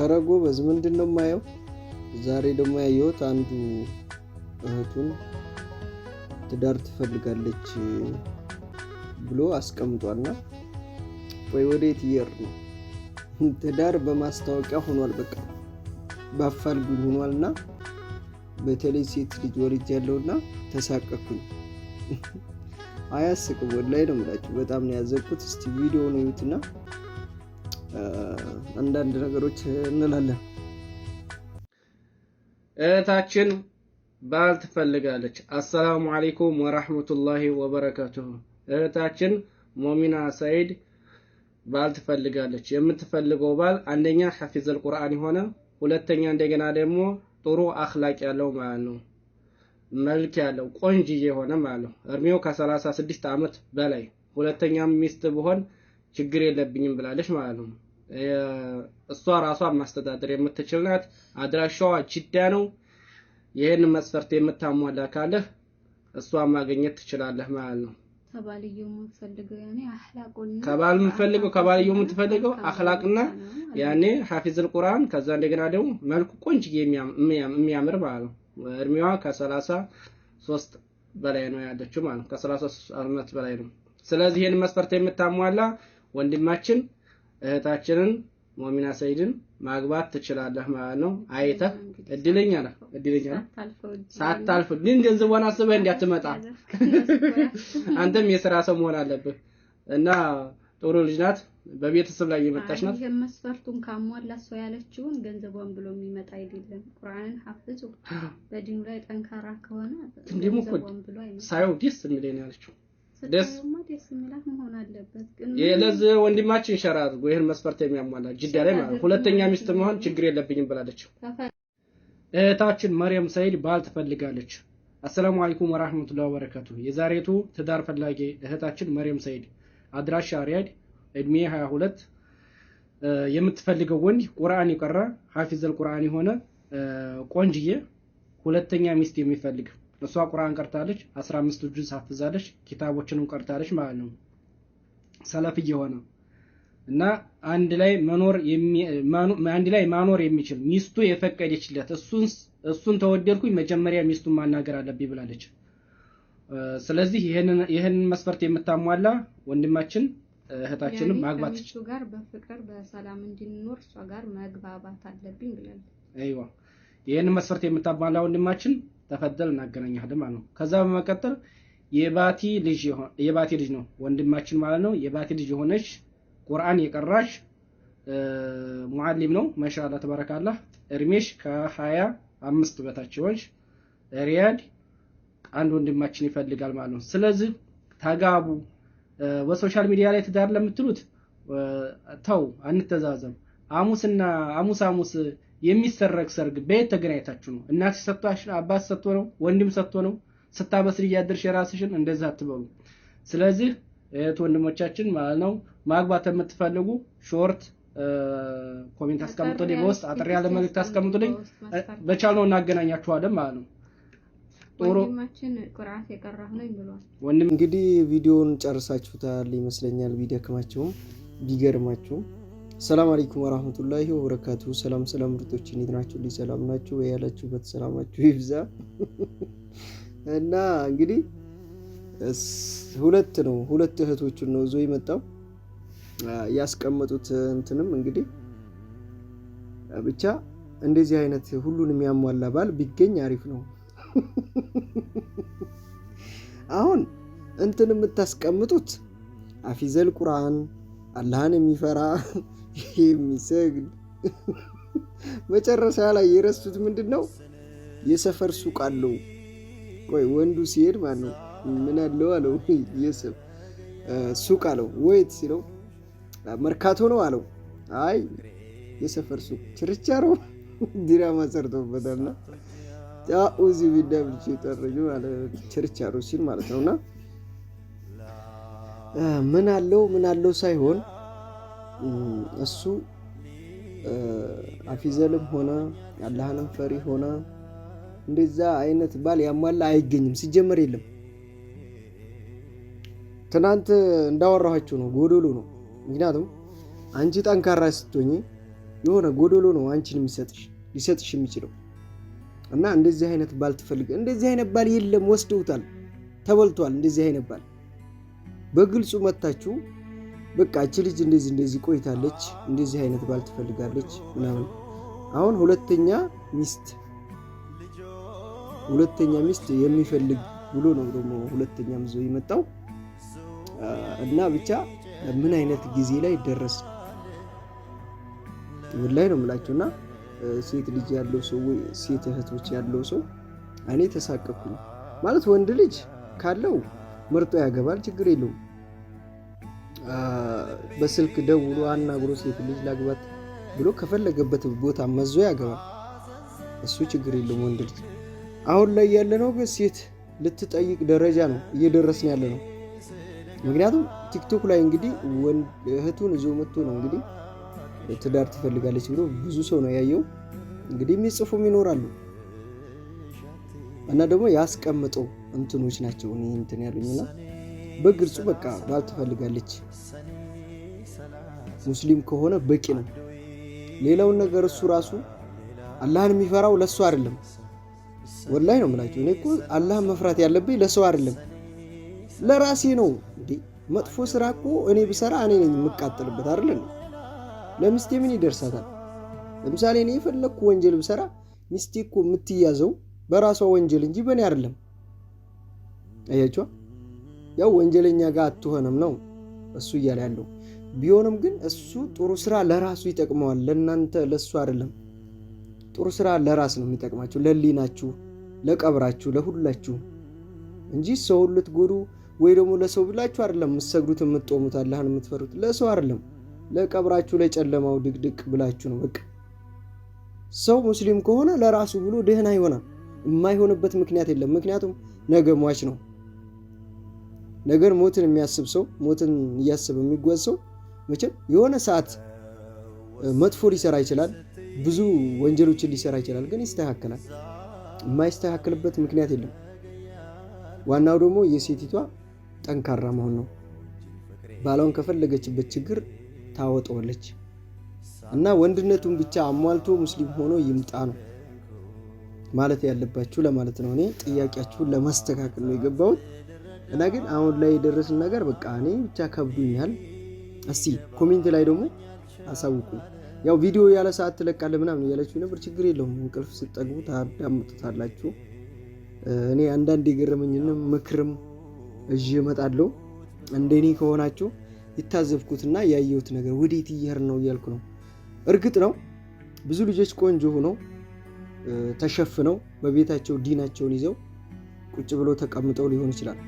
ኧረ ጎበዝ ምንድን ነው የማየው? ዛሬ ደግሞ ያየሁት አንዱ እህቱን ትዳር ትፈልጋለች ብሎ አስቀምጧልና፣ ወይ ወዴት እየሄድን ነው? ትዳር በማስታወቂያ ሆኗል። በቃ ባፋልጉኝ ሆኗል። በተለይ ሴት ልጅ ወልጅ ያለውና ተሳቀኩኝ። አያስቅም፣ ወላሂ ነው የምላችሁ። በጣም ነው ያዘቁት። እስቲ ቪዲዮ ነው እዩትና አንዳንድ ነገሮች እንላለን። እህታችን ባል ትፈልጋለች። አሰላሙ አሌይኩም ወራህመቱላሂ ወበረካቱሁ። እህታችን ሞሚና ሰይድ ባል ትፈልጋለች። የምትፈልገው ባል አንደኛ ሐፊዘል ቁርአን የሆነ ሁለተኛ እንደገና ደግሞ ጥሩ አኽላቅ ያለው ማለት ነው። መልክ ያለው ቆንጅዬ የሆነ ማለት ነው። እድሜው ከ36 ዓመት በላይ ሁለተኛም ሚስት ብሆን ችግር የለብኝም ብላለች ማለት ነው። እሷ ራሷን ማስተዳደር የምትችል ናት። አድራሻዋ ጅዳ ነው። ይህን መስፈርት የምታሟላ ካለህ እሷ ማግኘት ትችላለህ ማለት ነው። ከባል የምትፈልገው ከባልየው የምትፈልገው አክላቅና ያኔ ሐፊዝል ቁርአን ከዛ እንደገና ደግሞ መልኩ ቆንጅ የሚያምር ማለት ነው። እድሜዋ ከሰላሳ ሶስት በላይ ነው ያለችው ማለት ነው። ከሰላሳ ሶስት በላይ ነው። ስለዚህ ይህን መስፈርት የምታሟላ ወንድማችን እህታችንን ሞሚና ሰይድን ማግባት ትችላለህ ማለት ነው። አይተህ እድለኛ ነህ፣ እድለኛ ነህ። ሳታልፍ ግን ገንዘቧን አስበህ እንዲያትመጣ አንተም የስራ ሰው መሆን አለብህ እና ጥሩ ልጅ ናት። በቤተሰብ ላይ የመጣች ናት። ይሄ መስፈርቱን ካሟላ ሰው ያለችውን ገንዘቧን ብሎ የሚመጣ አይደለም። ቁርአንን ሐፍዙ በዲኑ ላይ ጠንካራ ከሆነ እንደሞ ሳይው ደስ የሚለኝ ያለችው ደስ ደስ የሚላት መሆን አለበት። የለዝ ወንድማችን ሸራ አድርጎ ይህን መስፈርት የሚያሟላ ጅዳ ላይ ማለት ሁለተኛ ሚስት መሆን ችግር የለብኝም ብላለች። እህታችን መርየም ሰይድ ባል ትፈልጋለች። አሰላሙ አለይኩም ወራህመቱላሂ ወበረከቱ። የዛሬቱ ትዳር ፈላጊ እህታችን መርየም ሰይድ አድራሻ ሪያድ፣ እድሜ 22 የምትፈልገው ወንድ ቁርአን የቀራ ሐፊዘል ቁርአን የሆነ ቆንጅዬ ሁለተኛ ሚስት የሚፈልግ እሷ ቁርአን ቀርታለች፣ 15 ጁዝ ሐፍዛለች፣ ኪታቦችንም ቀርታለች ማለት ነው። ሰለፍ የሆነ እና አንድ ላይ መኖር አንድ ላይ ማኖር የሚችል ሚስቱ የፈቀደችለት እሱን እሱን ተወደድኩኝ መጀመሪያ ሚስቱን ማናገር አለብኝ ብላለች። ስለዚህ ይህንን መስፈርት የምታሟላ ወንድማችን እህታችንም ማግባት ከሚስቱ ጋር በፍቅር በሰላም እንድንኖር እሷ ጋር መግባባት አለብኝ ብላለች። አይዋ ይህንን መስፈርት የምታሟላ ወንድማችን ተፈደል እናገናኛለን ማለት ነው። ከዛ በመቀጠል የባቲ ልጅ የባቲ ልጅ ነው ወንድማችን ማለት ነው። የባቲ ልጅ የሆነች ቁርአን የቀራች ሙዓሊም ነው። ማሻአላ ተባረካላህ። እድሜሽ ከሀያ አምስት በታች የሆንሽ ሪያድ አንድ ወንድማችን ይፈልጋል ማለት ነው። ስለዚህ ተጋቡ። በሶሻል ሚዲያ ላይ ትዳር ለምትሉት ተው፣ አንተዛዘም። አሙስና አሙስ አሙስ የሚሰረግ ሰርግ በየት ተገናኝታችሁ ነው? እናት ሰጥቷሽ፣ አባት ሰጥቶ ነው፣ ወንድም ሰጥቶ ነው ስታበስሪ እያደርሽ የራስሽን እንደዛ አትበሉ። ስለዚህ እህት ወንድሞቻችን ማለት ነው ማግባት የምትፈልጉ ሾርት ኮሜንት አስቀምጡልኝ፣ በውስጥ አጥር ያለ መልእክት አስቀምጡልኝ። በቻልነው እናገናኛችኋለን ማለት ነው። ወንድማችን ወንድም እንግዲህ ቪዲዮውን ጨርሳችሁታል ይመስለኛል፣ ቢደክማችሁም ቢገርማችሁም። ሰላም አለይኩም ወራህመቱላሂ ወበረካቱ። ሰላም ሰላም ምርጦች፣ እንዴት ናችሁ? ሰላም ናችሁ ያላችሁበት ሰላማችሁ ይብዛ። እና እንግዲህ ሁለት ነው ሁለት እህቶቹን ነው ዞ የመጣው ያስቀመጡት እንትንም እንግዲህ ብቻ እንደዚህ አይነት ሁሉን የሚያሟላ ባል ቢገኝ አሪፍ ነው። አሁን እንትን የምታስቀምጡት አፊዘል ቁርአን አላህን የሚፈራ የሚሰግድ መጨረሻ ላይ የረሱት ምንድን ነው? የሰፈር ሱቅ አለው። ቆይ ወንዱ ሲሄድ ማለት ነው ምን አለው አለው የስም ሱቅ አለው። ወይት ሲለው መርካቶ ነው አለው። አይ የሰፈር ሱቅ ችርቻሮ ዲራማ ሰርቶበታልና ጫኡዚ ቢዳ ብልጭ ችርቻሮ ሲል ማለት ነውና ምን አለው ምን አለው ሳይሆን እሱ አፊዘልም ሆነ አላህንም ፈሪ ሆነ እንደዛ አይነት ባል ያሟላ አይገኝም፣ ሲጀመር የለም። ትናንት እንዳወራኋችሁ ነው፣ ጎዶሎ ነው። ምክንያቱም አንቺ ጠንካራ ስትሆኝ የሆነ ጎዶሎ ነው አንቺን የሚሰጥሽ ሊሰጥሽ የሚችለው እና እንደዚህ አይነት ባል ትፈልግ። እንደዚህ አይነት ባል የለም፣ ወስደውታል፣ ተበልቷል። እንደዚህ አይነት ባል በግልጹ መታችሁ በቃ እቺ ልጅ እንደዚህ እንደዚህ ቆይታለች፣ እንደዚህ አይነት ባል ትፈልጋለች ምናምን። አሁን ሁለተኛ ሚስት ሁለተኛ ሚስት የሚፈልግ ብሎ ነው ደግሞ ሁለተኛም ይዞ የመጣው እና ብቻ ምን አይነት ጊዜ ላይ ደረስ ላይ ነው የምላችሁ። እና ሴት ልጅ ያለው ሰው ወይ ሴት እህቶች ያለው ሰው እኔ ተሳቀኩኝ ማለት ወንድ ልጅ ካለው መርጦ ያገባል፣ ችግር የለውም። በስልክ ደውሎ አናግሮ ሴት ልጅ ላግባት ብሎ ከፈለገበት ቦታ መዞ ያገባል። እሱ ችግር የለውም ወንድ ልጅ አሁን ላይ ያለነው በሴት ልትጠይቅ ደረጃ ነው እየደረስን ያለ ነው። ምክንያቱም ቲክቶክ ላይ እንግዲህ እህቱን ይዞ መጥቶ ነው እንግዲህ ትዳር ትፈልጋለች ብሎ ብዙ ሰው ነው ያየው። እንግዲህ የሚጽፉም ይኖራሉ እና ደግሞ ያስቀምጠው እንትኖች ናቸው እኔ እንትን ያሉኝና በግልጹ በቃ ባል ትፈልጋለች ሙስሊም ከሆነ በቂ ነው። ሌላውን ነገር እሱ ራሱ አላህን የሚፈራው ለእሱ አይደለም። ወላይ ነው የምላቸው። እኔ እኮ አላህን መፍራት ያለብኝ ለሰው አይደለም ለራሴ ነው። እንዴ መጥፎ ስራ እኮ እኔ ብሰራ እኔ ነኝ የምቃጠልበት አይደለ? ለሚስቴ ምን ይደርሳታል? ለምሳሌ እኔ የፈለግኩ ወንጀል ብሰራ ሚስቴ እኮ የምትያዘው በራሷ ወንጀል እንጂ በእኔ አይደለም። አያችኋ? ያው ወንጀለኛ ጋር አትሆነም ነው እሱ እያለ ያለው ቢሆንም ግን እሱ ጥሩ ስራ ለራሱ ይጠቅመዋል፣ ለእናንተ ለእሱ አይደለም። ጥሩ ስራ ለራስ ነው የሚጠቅማችሁ፣ ለሊናችሁ፣ ለቀብራችሁ፣ ለሁላችሁ እንጂ ሰው ልትጎዱ ወይ ደግሞ ለሰው ብላችሁ አይደለም የምትሰግዱት የምትጦሙት፣ አላህን የምትፈሩት ለሰው አይደለም፣ ለቀብራችሁ፣ ለጨለማው ድቅድቅ ብላችሁ ነው። በቃ ሰው ሙስሊም ከሆነ ለራሱ ብሎ ደህና ይሆናል። የማይሆንበት ምክንያት የለም። ምክንያቱም ነገ ሟች ነው። ነገር ሞትን የሚያስብ ሰው ሞትን እያስብ የሚጓዝ ሰው መቼም የሆነ ሰዓት መጥፎ ሊሰራ ይችላል። ብዙ ወንጀሎችን ሊሰራ ይችላል፣ ግን ይስተካከላል። የማይስተካከልበት ምክንያት የለም። ዋናው ደግሞ የሴቲቷ ጠንካራ መሆን ነው። ባሏን ከፈለገችበት ችግር ታወጠዋለች እና ወንድነቱን ብቻ አሟልቶ ሙስሊም ሆኖ ይምጣ ነው ማለት ያለባችሁ ለማለት ነው። እኔ ጥያቄያችሁን ለማስተካከል ነው የገባሁት እና ግን አሁን ላይ የደረስን ነገር በቃ እኔ ብቻ ከብዱኛል። እስቲ ኮሜንት ላይ ደግሞ አሳውቁ። ያው ቪዲዮ ያለ ሰዓት ትለቃለ ምናምን እያለችው ነበር። ችግር የለውም እንቅልፍ ስጠግቡ ታዳምጡታላችሁ። እኔ አንዳንድ የገረመኝንም ምክርም እዥ እመጣለሁ። እንደኔ ከሆናችሁ የታዘብኩትና ያየሁት ነገር ወዴት እየሄድን ነው እያልኩ ነው። እርግጥ ነው ብዙ ልጆች ቆንጆ ሆነው ተሸፍነው በቤታቸው ዲናቸውን ይዘው ቁጭ ብለው ተቀምጠው ሊሆን ይችላል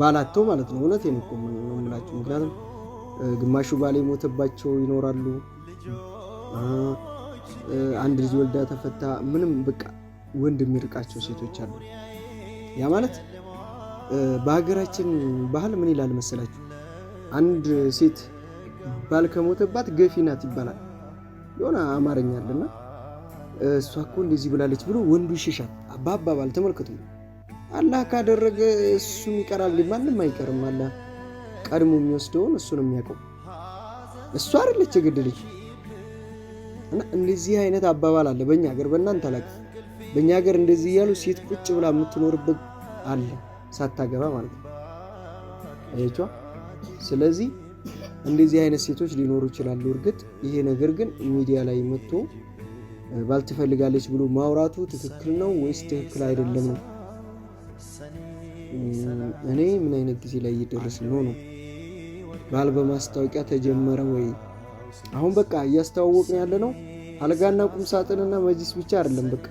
ባላተው ማለት ነው። እውነት ነው የምላቸው ምክንያቱም ግማሹ ባል የሞተባቸው ይኖራሉ። አንድ ልጅ ወልዳ ተፈታ፣ ምንም በቃ ወንድ የሚርቃቸው ሴቶች አሉ። ያ ማለት በሀገራችን ባህል ምን ይላል መሰላችሁ? አንድ ሴት ባል ከሞተባት ገፊ ናት ይባላል። የሆነ አማርኛ አለና እሷ እኮ እንደዚህ ብላለች ብሎ ወንዱ ይሸሻል። በአባባል ተመልክቱ። አላህ ካደረገ እሱም ይቀራል፣ ማንም አይቀርም አላህ ቀድሞ የሚወስደውን እሱ ነው የሚያውቀው። እሱ አይደለች የገደለች። እና እንደዚህ አይነት አባባል አለ በእኛ ሀገር፣ በእናንተ ላቅ በእኛ ሀገር እንደዚህ እያሉ ሴት ቁጭ ብላ የምትኖርበት አለ ሳታገባ ማለት ነው። አያችዋ። ስለዚህ እንደዚህ አይነት ሴቶች ሊኖሩ ይችላሉ። እርግጥ ይሄ ነገር ግን ሚዲያ ላይ መጥቶ ባል ትፈልጋለች ብሎ ማውራቱ ትክክል ነው ወይስ ትክክል አይደለም ነው? እኔ ምን አይነት ጊዜ ላይ እየደረስን ነው ነው ባል በማስታወቂያ ተጀመረ ወይ? አሁን በቃ እያስተዋወቅን ያለ ነው። አልጋና ቁም ሳጥንና መጅስ ብቻ አይደለም። በቃ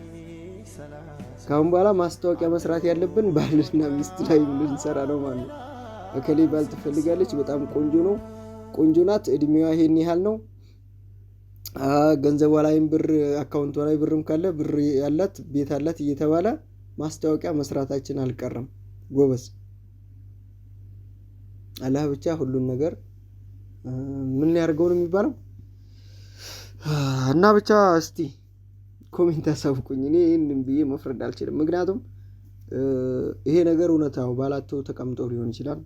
ከአሁን በኋላ ማስታወቂያ መስራት ያለብን ባልና ሚስት ላይ ልንሰራ ነው ማለት ነው። እከሌ ባል ትፈልጋለች፣ በጣም ቆንጆ ነው፣ ቆንጆ ናት፣ እድሜዋ ይሄን ያህል ነው፣ ገንዘቧ ላይም ብር አካውንቷ ላይ ብርም ካለ ብር ያላት ቤት አላት እየተባለ ማስታወቂያ መስራታችን አልቀረም ጎበዝ። አላህ ብቻ ሁሉን ነገር ምን ያደርገው ነው የሚባለው? እና ብቻ እስቲ ኮሜንት አሳውቁኝ። እኔ ይህንን ብዬ መፍረድ አልችልም። ምክንያቱም ይሄ ነገር እውነታው ባላቸው ተቀምጦ ሊሆን ይችላል።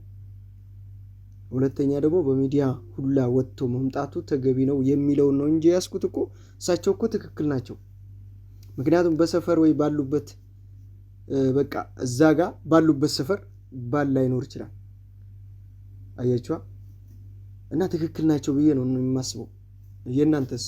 ሁለተኛ ደግሞ በሚዲያ ሁላ ወጥቶ መምጣቱ ተገቢ ነው የሚለውን ነው እንጂ ያስኩት እኮ እሳቸው እኮ ትክክል ናቸው። ምክንያቱም በሰፈር ወይ ባሉበት በቃ እዛ ጋ ባሉበት ሰፈር ባል ላይኖር ይችላል። አያችኋ እና ትክክል ናቸው ብዬ ነው የማስበው። የእናንተስ?